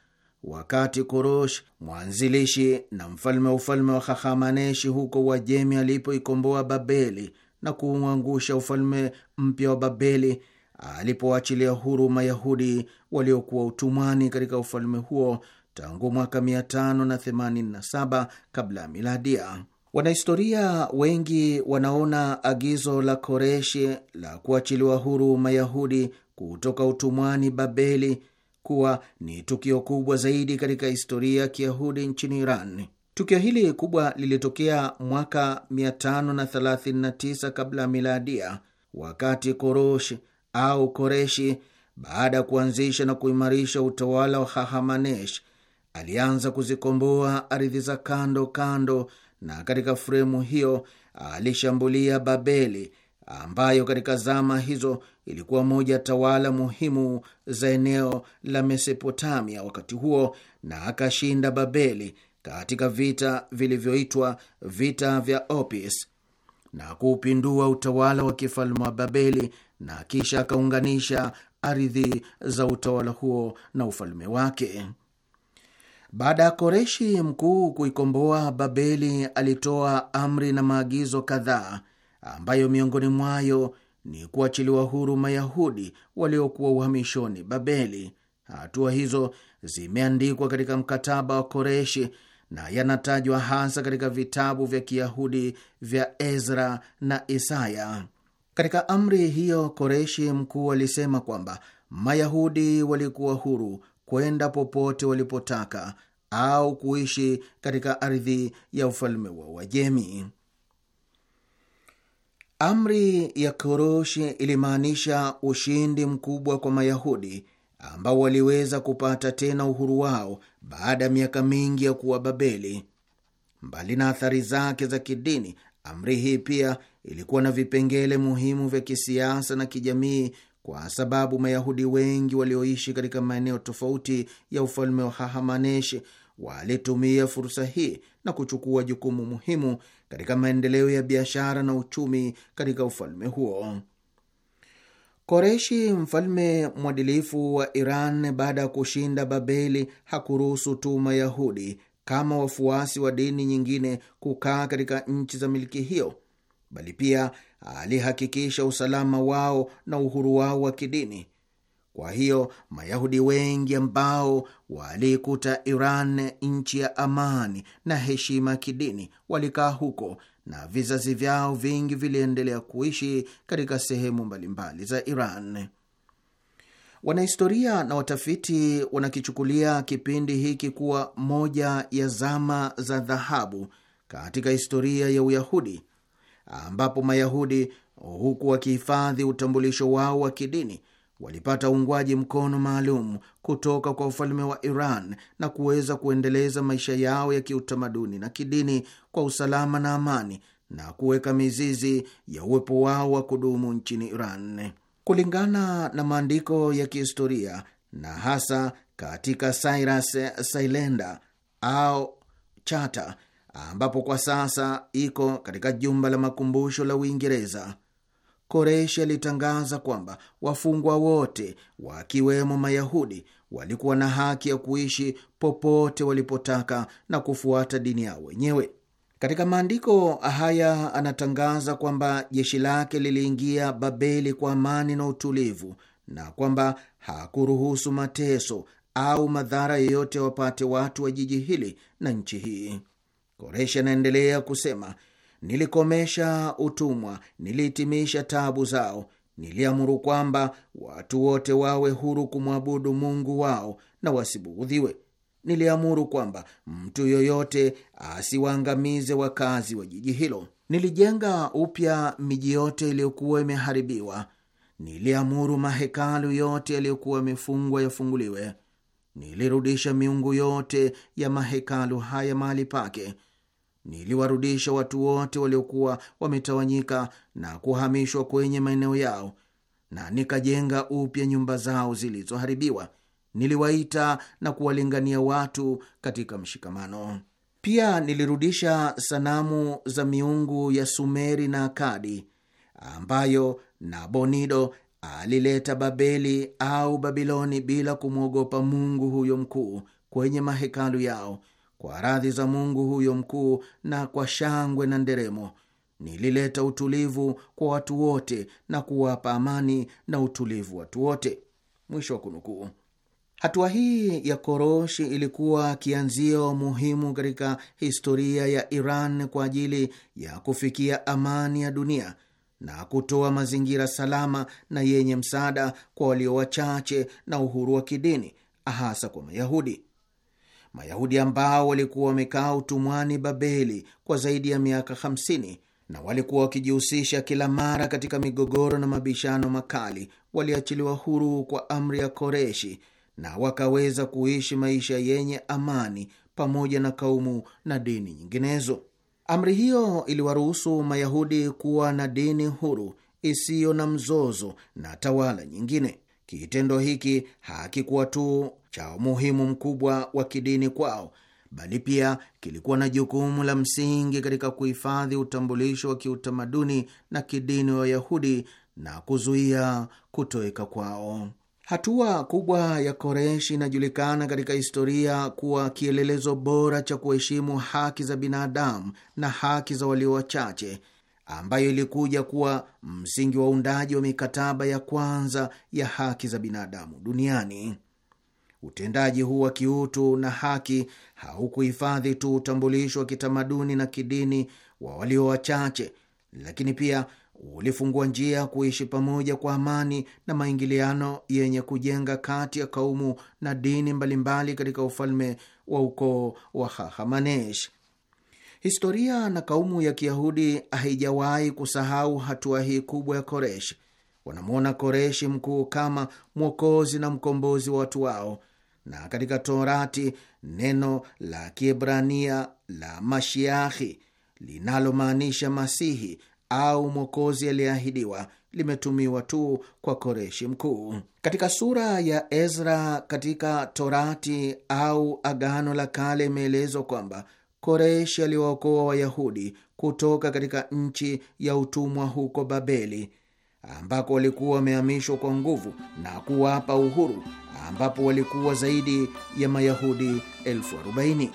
wakati Korosh, mwanzilishi na mfalme wa ufalme wa Hahamaneshi huko Uajemi, alipoikomboa Babeli na kuuangusha ufalme mpya wa Babeli alipoachilia huru Mayahudi waliokuwa utumwani katika ufalme huo tangu mwaka 587 kabla ya miladia. Wanahistoria wengi wanaona agizo la Koreshi la kuachiliwa huru Mayahudi kutoka utumwani Babeli kuwa ni tukio kubwa zaidi katika historia ya Kiyahudi nchini Iran. Tukio hili kubwa lilitokea mwaka 539 kabla ya miladia, wakati Korosh au Koreshi, baada ya kuanzisha na kuimarisha utawala wa Hahamanesh, alianza kuzikomboa ardhi za kando kando, na katika fremu hiyo alishambulia Babeli ambayo katika zama hizo ilikuwa moja ya tawala muhimu za eneo la Mesopotamia wakati huo, na akashinda Babeli katika vita vilivyoitwa vita vya Opis na kuupindua utawala wa kifalme wa Babeli na kisha akaunganisha ardhi za utawala huo na ufalme wake. Baada ya Koreshi mkuu kuikomboa Babeli, alitoa amri na maagizo kadhaa ambayo miongoni mwayo ni kuachiliwa huru Mayahudi waliokuwa uhamishoni Babeli. Hatua hizo zimeandikwa katika mkataba wa Koreshi na yanatajwa hasa katika vitabu vya Kiyahudi vya Ezra na Isaya. Katika amri hiyo, Koreshi mkuu alisema kwamba Mayahudi walikuwa huru kwenda popote walipotaka au kuishi katika ardhi ya ufalme wa Uajemi. Amri ya Koroshi ilimaanisha ushindi mkubwa kwa Mayahudi ambao waliweza kupata tena uhuru wao baada ya miaka mingi ya kuwa Babeli. Mbali na athari zake za kidini, amri hii pia ilikuwa na vipengele muhimu vya kisiasa na kijamii, kwa sababu Mayahudi wengi walioishi katika maeneo tofauti ya ufalme wa Hahamanesh walitumia fursa hii na kuchukua jukumu muhimu katika maendeleo ya biashara na uchumi katika ufalme huo. Koreshi, mfalme mwadilifu wa Iran, baada ya kushinda Babeli, hakuruhusu tu Mayahudi kama wafuasi wa dini nyingine kukaa katika nchi za miliki hiyo bali pia alihakikisha usalama wao na uhuru wao wa kidini. Kwa hiyo Mayahudi wengi ambao walikuta Iran nchi ya amani na heshima ya kidini walikaa huko na vizazi vyao vingi viliendelea kuishi katika sehemu mbalimbali za Iran. Wanahistoria na watafiti wanakichukulia kipindi hiki kuwa moja ya zama za dhahabu katika historia ya Uyahudi ambapo Mayahudi huku wakihifadhi utambulisho wao wa kidini walipata uungwaji mkono maalum kutoka kwa ufalme wa Iran na kuweza kuendeleza maisha yao ya kiutamaduni na kidini kwa usalama na amani na kuweka mizizi ya uwepo wao wa kudumu nchini Iran kulingana na maandiko ya kihistoria na hasa katika Cyrus Salenda au Chata ambapo kwa sasa iko katika jumba la makumbusho la Uingereza. Koreshi alitangaza kwamba wafungwa wote wakiwemo Mayahudi walikuwa na haki ya kuishi popote walipotaka na kufuata dini yao wenyewe. Katika maandiko haya anatangaza kwamba jeshi lake liliingia Babeli kwa amani na utulivu, na kwamba hakuruhusu mateso au madhara yoyote wapate watu wa jiji hili na nchi hii. Koreshi anaendelea kusema, nilikomesha utumwa, nilihitimisha taabu zao, niliamuru kwamba watu wote wawe huru kumwabudu Mungu wao na wasibughudhiwe. Niliamuru kwamba mtu yoyote asiwaangamize wakazi wa jiji hilo. Nilijenga upya miji yote iliyokuwa imeharibiwa. Niliamuru mahekalu yote yaliyokuwa yamefungwa yafunguliwe. Nilirudisha miungu yote ya mahekalu haya mahali pake. Niliwarudisha watu wote waliokuwa wametawanyika na kuhamishwa kwenye maeneo yao, na nikajenga upya nyumba zao zilizoharibiwa. Niliwaita na kuwalingania watu katika mshikamano. Pia nilirudisha sanamu za miungu ya Sumeri na Akadi ambayo Nabonido alileta Babeli au Babiloni bila kumwogopa Mungu huyo mkuu kwenye mahekalu yao kwa radhi za Mungu huyo mkuu na kwa shangwe na nderemo. Nilileta utulivu kwa watu wote na kuwapa amani na utulivu watu wote. Mwisho wa kunukuu. Hatua hii ya Koroshi ilikuwa kianzio muhimu katika historia ya Iran kwa ajili ya kufikia amani ya dunia na kutoa mazingira salama na yenye msaada kwa walio wachache na uhuru wa kidini, hasa kwa Mayahudi. Mayahudi ambao walikuwa wamekaa utumwani Babeli kwa zaidi ya miaka 50 na walikuwa wakijihusisha kila mara katika migogoro na mabishano makali, waliachiliwa huru kwa amri ya Koreshi na wakaweza kuishi maisha yenye amani pamoja na kaumu na dini nyinginezo. Amri hiyo iliwaruhusu Mayahudi kuwa na dini huru isiyo na mzozo na tawala nyingine. Kitendo hiki hakikuwa tu cha umuhimu mkubwa wa kidini kwao, bali pia kilikuwa na jukumu la msingi katika kuhifadhi utambulisho wa kiutamaduni na kidini wa Wayahudi na kuzuia kutoweka kwao. Hatua kubwa ya Koreshi inajulikana katika historia kuwa kielelezo bora cha kuheshimu haki za binadamu na haki za walio wachache, ambayo ilikuja kuwa msingi wa undaji wa mikataba ya kwanza ya haki za binadamu duniani. Utendaji huu wa kiutu na haki haukuhifadhi tu utambulisho wa kitamaduni na kidini wa walio wachache, lakini pia ulifungua njia kuishi pamoja kwa amani na maingiliano yenye kujenga kati ya kaumu na dini mbalimbali katika ufalme wa ukoo wa Hahamanesh. Historia na kaumu ya Kiyahudi haijawahi kusahau hatua hii kubwa ya Koresh. Wanamwona Koreshi mkuu kama mwokozi na mkombozi wa watu wao, na katika Torati neno la Kiebrania la Mashiahi linalomaanisha Masihi au mwokozi aliyeahidiwa limetumiwa tu kwa Koreshi mkuu. Katika sura ya Ezra katika Torati au Agano la Kale imeelezwa kwamba Koreshi aliwaokoa Wayahudi kutoka katika nchi ya utumwa huko Babeli, ambako walikuwa wamehamishwa kwa nguvu na kuwapa uhuru, ambapo walikuwa zaidi ya Mayahudi elfu arobaini.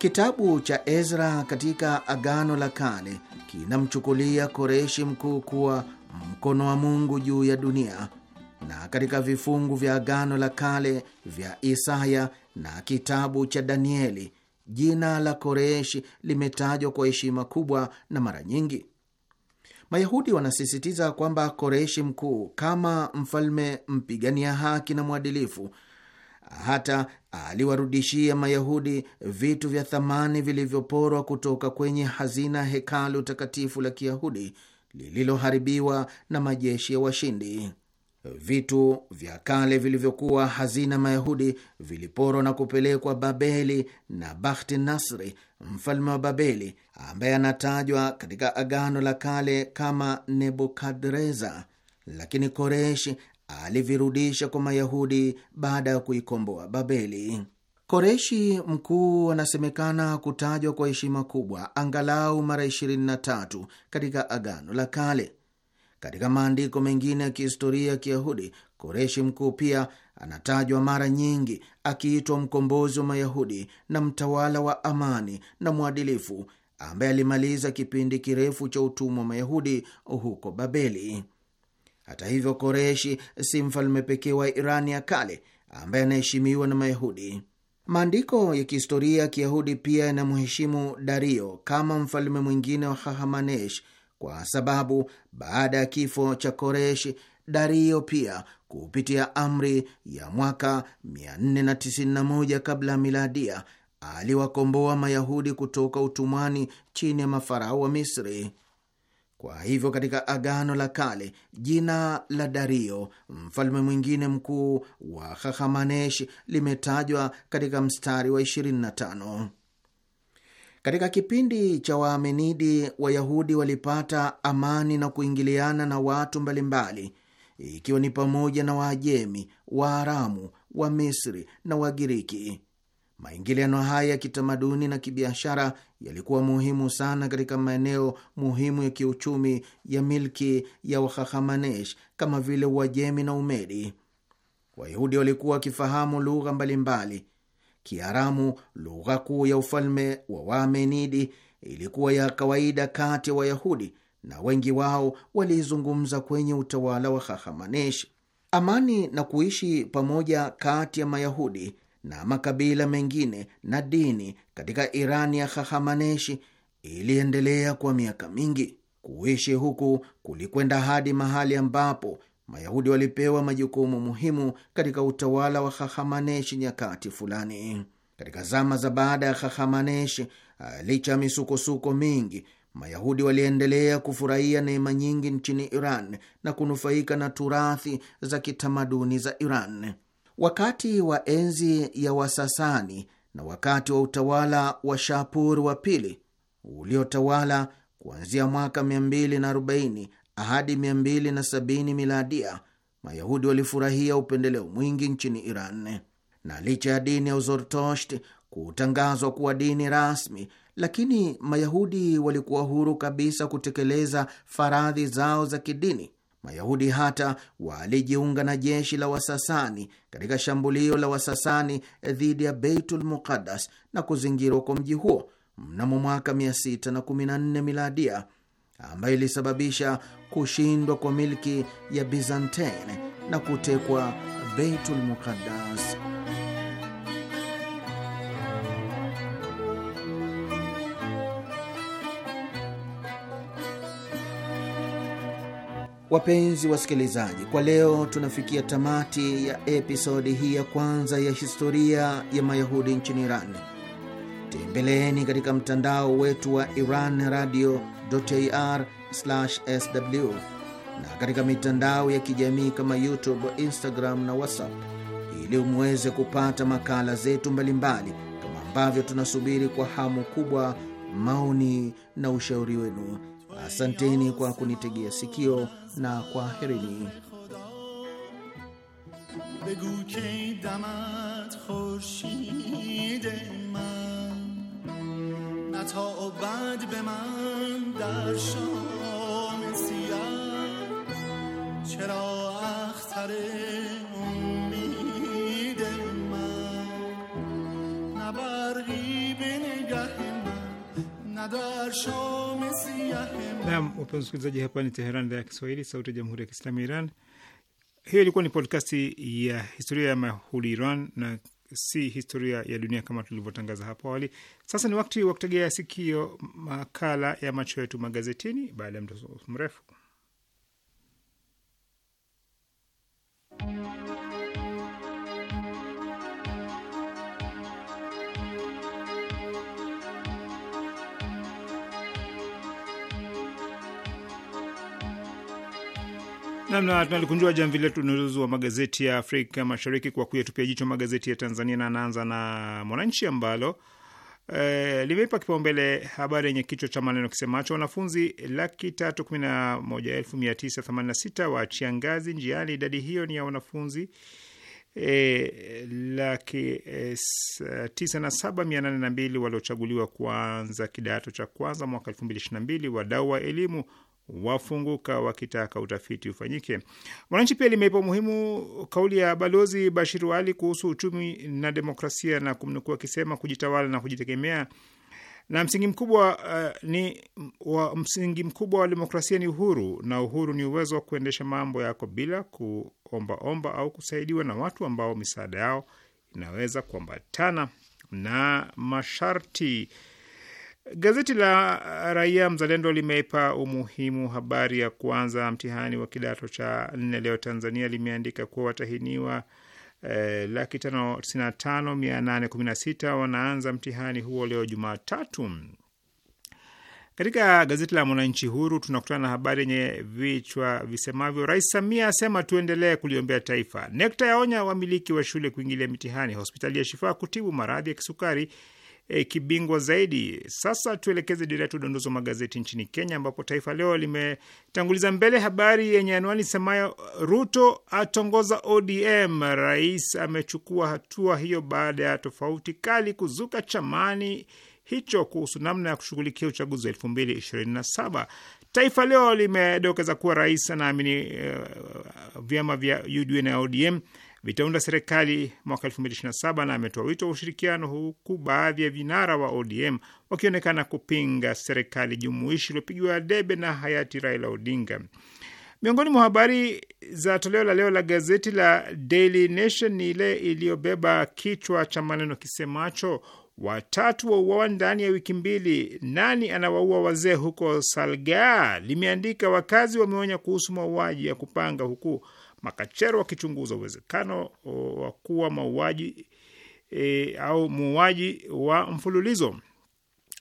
Kitabu cha Ezra katika Agano la Kale kinamchukulia Koreshi mkuu kuwa mkono wa Mungu juu ya dunia, na katika vifungu vya Agano la Kale vya Isaya na kitabu cha Danieli jina la Koreshi limetajwa kwa heshima kubwa na mara nyingi Mayahudi wanasisitiza kwamba Koreshi mkuu kama mfalme mpigania haki na mwadilifu hata aliwarudishia Mayahudi vitu vya thamani vilivyoporwa kutoka kwenye hazina hekalu takatifu la Kiyahudi lililoharibiwa na majeshi ya washindi. Vitu vya kale vilivyokuwa hazina Mayahudi viliporwa na kupelekwa Babeli na Bakhti Nasri, mfalme wa Babeli, ambaye anatajwa katika Agano la Kale kama Nebukadreza. Lakini Koreshi alivirudisha kwa Mayahudi baada ya kuikomboa Babeli. Koreshi mkuu anasemekana kutajwa kwa heshima kubwa angalau mara 23 katika Agano la Kale. Katika maandiko mengine ya kihistoria ya Kiyahudi, Koreshi mkuu pia anatajwa mara nyingi akiitwa mkombozi wa Mayahudi na mtawala wa amani na mwadilifu ambaye alimaliza kipindi kirefu cha utumwa wa Mayahudi huko Babeli. Hata hivyo, Koreshi si mfalme pekee wa Irani ya kale ambaye anaheshimiwa na Mayahudi. Maandiko ya kihistoria ya Kiyahudi pia yanamheshimu Dario kama mfalme mwingine wa Hahamanesh kwa sababu baada ya kifo cha Koreshi, Dario pia kupitia amri ya mwaka 491 kabla ya miladia aliwakomboa Mayahudi kutoka utumwani chini ya mafarao wa Misri. Kwa hivyo katika Agano la Kale jina la Dario, mfalme mwingine mkuu wa Hahamanesh, limetajwa katika mstari wa 25. Katika kipindi cha Waamenidi, Wayahudi walipata amani na kuingiliana na watu mbalimbali, ikiwa ni pamoja na Waajemi, Waaramu, Wamisri na Wagiriki. Maingiliano haya ya kitamaduni na kibiashara yalikuwa muhimu sana katika maeneo muhimu ya kiuchumi ya milki ya Wahahamanesh kama vile Uajemi na Umedi. Wayahudi walikuwa wakifahamu lugha mbalimbali. Kiaramu, lugha kuu ya ufalme wa Wamenidi, ilikuwa ya kawaida kati ya Wayahudi na wengi wao waliizungumza kwenye utawala wa Hahamanesh. Amani na kuishi pamoja kati ya Mayahudi na makabila mengine na dini katika Irani ya Hahamaneshi iliendelea kwa miaka mingi. Kuishi huku kulikwenda hadi mahali ambapo Mayahudi walipewa majukumu muhimu katika utawala wa Hahamaneshi nyakati fulani. Katika zama za baada ya Hahamaneshi, licha ya misukosuko mingi, Mayahudi waliendelea kufurahia neema nyingi nchini Iran na kunufaika na turathi za kitamaduni za Iran wakati wa enzi ya Wasasani na wakati wa utawala wa Shapur wa pili uliotawala kuanzia mwaka 240 hadi 270 miladia, Mayahudi walifurahia upendeleo mwingi nchini Iran, na licha ya dini ya Uzortosht kutangazwa kuwa dini rasmi, lakini Mayahudi walikuwa huru kabisa kutekeleza faradhi zao za kidini Mayahudi hata walijiunga na jeshi la Wasasani katika shambulio la Wasasani dhidi ya Beitul Muqaddas na kuzingirwa kwa mji huo mnamo mwaka 614 miladia, ambayo ilisababisha kushindwa kwa milki ya Bizantine na kutekwa Beitul Muqaddas. Wapenzi wasikilizaji, kwa leo tunafikia tamati ya episodi hii ya kwanza ya historia ya Mayahudi nchini Iran. Tembeleeni katika mtandao wetu wa Iran radio .ir sw na katika mitandao ya kijamii kama YouTube, Instagram na WhatsApp ili umweze kupata makala zetu mbalimbali, kama ambavyo tunasubiri kwa hamu kubwa maoni na ushauri wenu. Asanteni kwa kunitegea sikio. na kwaherini بگو که دمت خورشید من نه تا بعد به من در شام سیاه چرا اختر امید من نه برقی به نگه من نه شام Naam, wapenzi wasikilizaji, hapa ni Teheran, idhaa ya Kiswahili, sauti ya jamhuri ya kiislamu ya Iran. Hiyo ilikuwa ni podkasti ya historia ya Mahuli Iran na si historia ya dunia kama tulivyotangaza hapo awali. Sasa ni wakati wa kutegea sikio makala ya macho yetu magazetini baada ya mtoso mrefu Namna tunalikunjua jamvi letu ununuzi wa magazeti ya Afrika Mashariki kwa kuyatupia jicho magazeti ya Tanzania, na naanza na Mwananchi ambalo e, limeipa kipaumbele habari yenye kichwa cha maneno kisemacho wanafunzi laki tatu kumi na moja elfu mia tisa themanini na sita waachia ngazi njiani. Idadi hiyo ni ya wanafunzi E, laki e, tisa na saba mia nane na mbili waliochaguliwa kuanza kidato cha kwanza mwaka elfu mbili ishirini na mbili. Wadau wa elimu wafunguka wakitaka utafiti ufanyike. Mwananchi pia limeipa umuhimu kauli ya Balozi Bashiru Ali kuhusu uchumi na demokrasia na kumnukuu akisema kujitawala na kujitegemea na msingi mkubwa uh, ni wa, msingi mkubwa wa demokrasia ni uhuru, na uhuru ni uwezo wa kuendesha mambo yako bila kuombaomba au kusaidiwa na watu ambao misaada yao inaweza kuambatana na masharti. Gazeti la uh, Raia Mzalendo limeipa umuhimu habari ya kuanza mtihani wa kidato cha nne leo Tanzania. Limeandika kuwa watahiniwa eh, laki tano tisini na tano mia nane kumi na sita wanaanza mtihani huo leo Jumatatu. Katika gazeti la Mwananchi Huru tunakutana na habari yenye vichwa visemavyo: Rais Samia asema tuendelee kuliombea taifa, NECTA yaonya wamiliki wa shule kuingilia mitihani, hospitali ya Shifaa kutibu maradhi ya kisukari e, kibingwa zaidi. Sasa tuelekeze dira yetu udondozi wa magazeti nchini Kenya, ambapo Taifa Leo limetanguliza mbele habari yenye anwani semayo Ruto atongoza ODM. Rais amechukua hatua hiyo baada ya tofauti kali kuzuka chamani hicho kuhusu namna ya kushughulikia uchaguzi wa elfu mbili ishirini na saba. Taifa Leo limedokeza kuwa rais anaamini uh, vyama vya UDA na ODM vitaunda serikali mwaka 2027 na ametoa wito wa ushirikiano, huku baadhi ya vinara wa ODM wakionekana kupinga serikali jumuishi iliyopigiwa debe na hayati Raila Odinga. Miongoni mwa habari za toleo la leo la gazeti la Daily Nation ni ile iliyobeba kichwa cha maneno kisemacho watatu wauawa ndani ya wiki mbili, nani anawaua wazee huko Salgaa? Limeandika wakazi wameonya kuhusu mauaji ya kupanga, huku makachero wakichunguza uwezekano wa kuwa mauaji e, au muuaji wa mfululizo.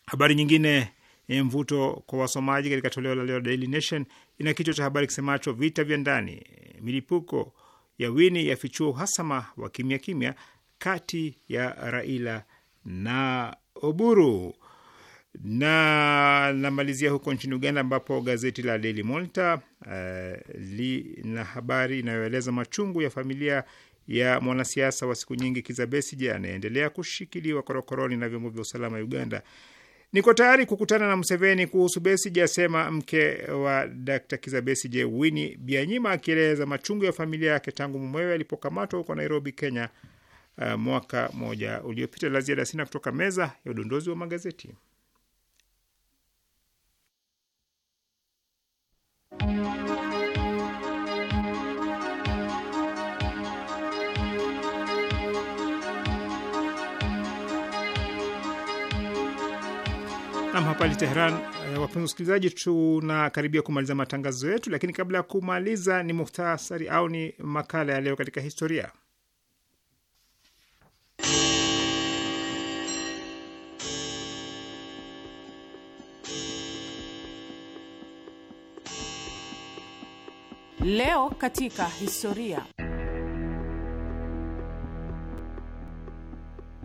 Habari nyingine yenye mvuto kwa wasomaji katika toleo la leo Daily Nation ina kichwa cha habari kisemacho vita vya ndani, milipuko ya wini yafichua uhasama wa kimya kimya kati ya Raila na Oburu na namalizia huko nchini Uganda ambapo gazeti la Daily Monitor uh, eh, lina habari inayoeleza machungu ya familia ya mwanasiasa wa siku nyingi Kizza Besigye anaendelea kushikiliwa korokoroni na vyombo vya usalama Uganda. Niko tayari kukutana na Museveni kuhusu Besigye, asema mke wa Dr. Kizza Besigye Winnie Byanyima, akieleza machungu ya familia yake tangu mumewe alipokamatwa huko Nairobi, Kenya, uh, mwaka moja uliopita. La ziada sina kutoka meza ya udondozi wa magazeti. Nam, hapa ni Teheran. Eh, wapenzi wasikilizaji, tunakaribia kumaliza matangazo yetu, lakini kabla ya kumaliza ni muhtasari au ni makala ya leo katika historia. Leo katika historia.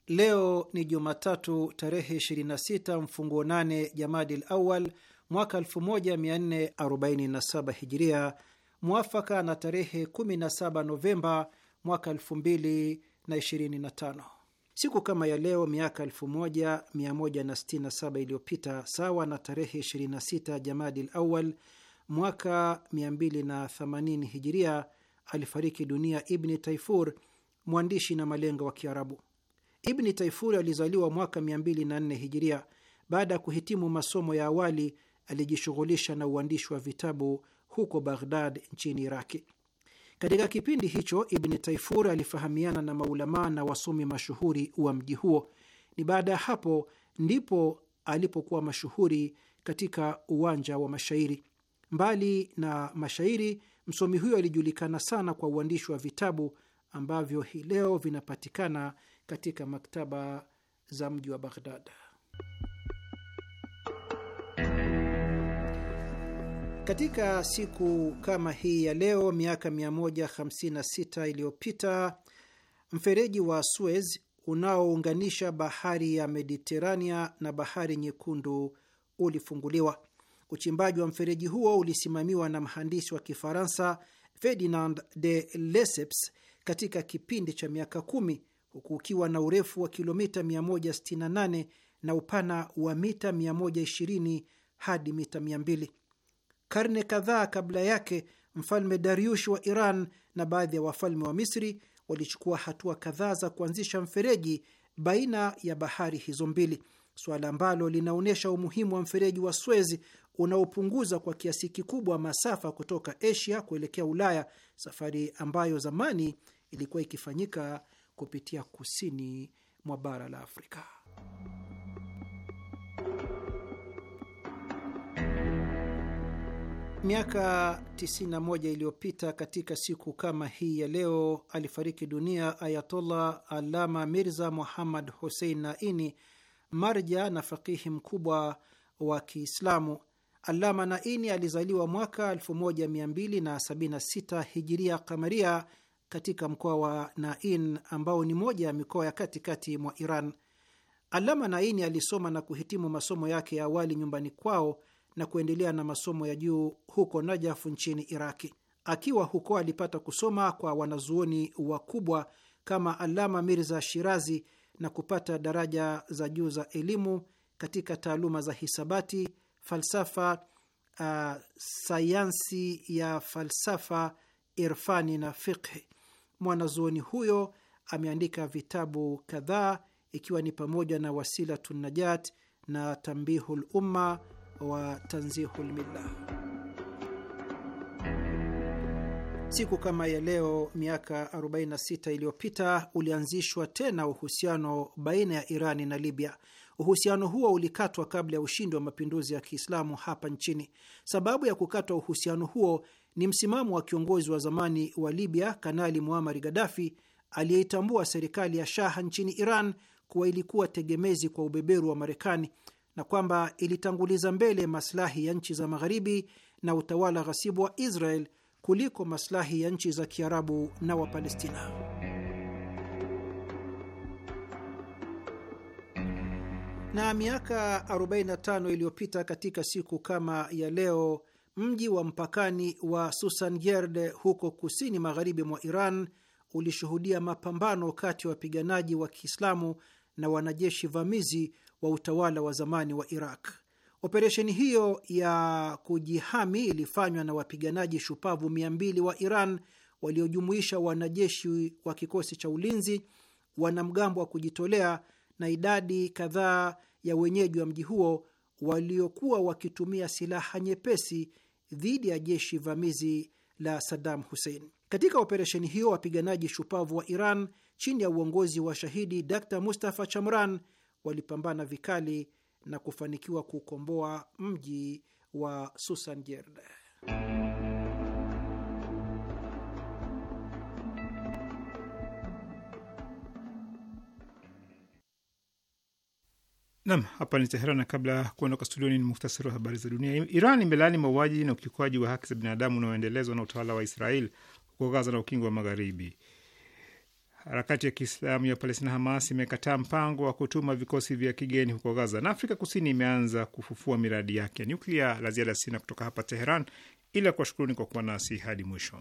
Leo ni Jumatatu tarehe 26 mfunguo 8 Jamadil Awal mwaka 1447 Hijiria, mwafaka na tarehe 17 Novemba mwaka 2025. Siku kama ya leo miaka 1167 iliyopita, sawa na tarehe 26 Jamadil Awal mwaka 280 hijiria alifariki dunia Ibni Taifur, mwandishi na malengo wa Kiarabu. Ibni Taifur alizaliwa mwaka 204 hijiria. Baada ya kuhitimu masomo ya awali, alijishughulisha na uandishi wa vitabu huko Baghdad nchini Iraki. Katika kipindi hicho Ibni Taifur alifahamiana na maulamaa na wasomi mashuhuri wa mji huo. Ni baada ya hapo ndipo alipokuwa mashuhuri katika uwanja wa mashairi. Mbali na mashairi, msomi huyo alijulikana sana kwa uandishi wa vitabu ambavyo hii leo vinapatikana katika maktaba za mji wa Baghdad. Katika siku kama hii ya leo miaka 156 iliyopita mfereji wa Suez unaounganisha bahari ya Mediterania na bahari Nyekundu ulifunguliwa. Uchimbaji wa mfereji huo ulisimamiwa na mhandisi wa Kifaransa Ferdinand de Lesseps katika kipindi cha miaka kumi huku ukiwa na urefu wa kilomita 168 na upana wa mita 120 hadi mita 200. Karne kadhaa kabla yake, mfalme Dariush wa Iran na baadhi ya wafalme wa Misri walichukua hatua kadhaa za kuanzisha mfereji baina ya bahari hizo mbili, suala ambalo linaonyesha umuhimu wa mfereji wa Suez unaopunguza kwa kiasi kikubwa masafa kutoka Asia kuelekea Ulaya, safari ambayo zamani ilikuwa ikifanyika kupitia kusini mwa bara la Afrika. Miaka 91 iliyopita katika siku kama hii ya leo alifariki dunia Ayatollah Alama Mirza Muhammad Hussein Naini, marja na fakihi mkubwa wa Kiislamu Alama Naini alizaliwa mwaka 1276 hijiria kamaria katika mkoa wa Nain ambao ni moja ya mikoa ya katikati mwa Iran. Alama Naini alisoma na kuhitimu masomo yake ya awali nyumbani kwao na kuendelea na masomo ya juu huko Najafu nchini Iraki. Akiwa huko alipata kusoma kwa wanazuoni wakubwa kama Alama Mirza Shirazi na kupata daraja za juu za elimu katika taaluma za hisabati falsafa, uh, sayansi ya falsafa, irfani na fiqhi. Mwanazuoni huyo ameandika vitabu kadhaa ikiwa ni pamoja na Wasilatu Najat na Tambihul Umma wa Tanzihul Milla. Siku kama ya leo miaka 46 iliyopita ulianzishwa tena uhusiano baina ya Irani na Libya. Uhusiano huo ulikatwa kabla ya ushindi wa mapinduzi ya Kiislamu hapa nchini. Sababu ya kukatwa uhusiano huo ni msimamo wa kiongozi wa zamani wa Libya, Kanali Muamari Gadafi, aliyeitambua serikali ya shaha nchini Iran kuwa ilikuwa tegemezi kwa ubeberu wa Marekani na kwamba ilitanguliza mbele maslahi ya nchi za magharibi na utawala ghasibu wa Israel kuliko maslahi ya nchi za Kiarabu na Wapalestina. Na miaka 45 iliyopita katika siku kama ya leo, mji wa mpakani wa Susangerd huko kusini magharibi mwa Iran ulishuhudia mapambano kati ya wapiganaji wa Kiislamu na wanajeshi vamizi wa utawala wa zamani wa Iraq. Operesheni hiyo ya kujihami ilifanywa na wapiganaji shupavu 200 wa Iran waliojumuisha wanajeshi wa kikosi cha ulinzi, wanamgambo wa kujitolea na idadi kadhaa ya wenyeji wa mji huo waliokuwa wakitumia silaha nyepesi dhidi ya jeshi vamizi la Saddam Hussein. Katika operesheni hiyo, wapiganaji shupavu wa Iran chini ya uongozi wa shahidi Dr Mustafa Chamran walipambana vikali na kufanikiwa kukomboa mji wa Susanjerde. Nam, hapa ni Teheran, na kabla ya kuondoka studioni ni muhtasari wa habari za dunia. Iran imelaani mauaji na ukiukaji wa haki za binadamu unaoendelezwa na utawala wa Israel huko Gaza na Ukingo wa Magharibi. Harakati ya Kiislamu ya Palestina, Hamas, imekataa mpango wa kutuma vikosi vya kigeni huko Gaza, na Afrika Kusini imeanza kufufua miradi yake ya nyuklia. La ziada sina kutoka hapa Teheran, ila kuwashukuruni kwa kuwa nasi hadi mwisho.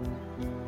Thank you.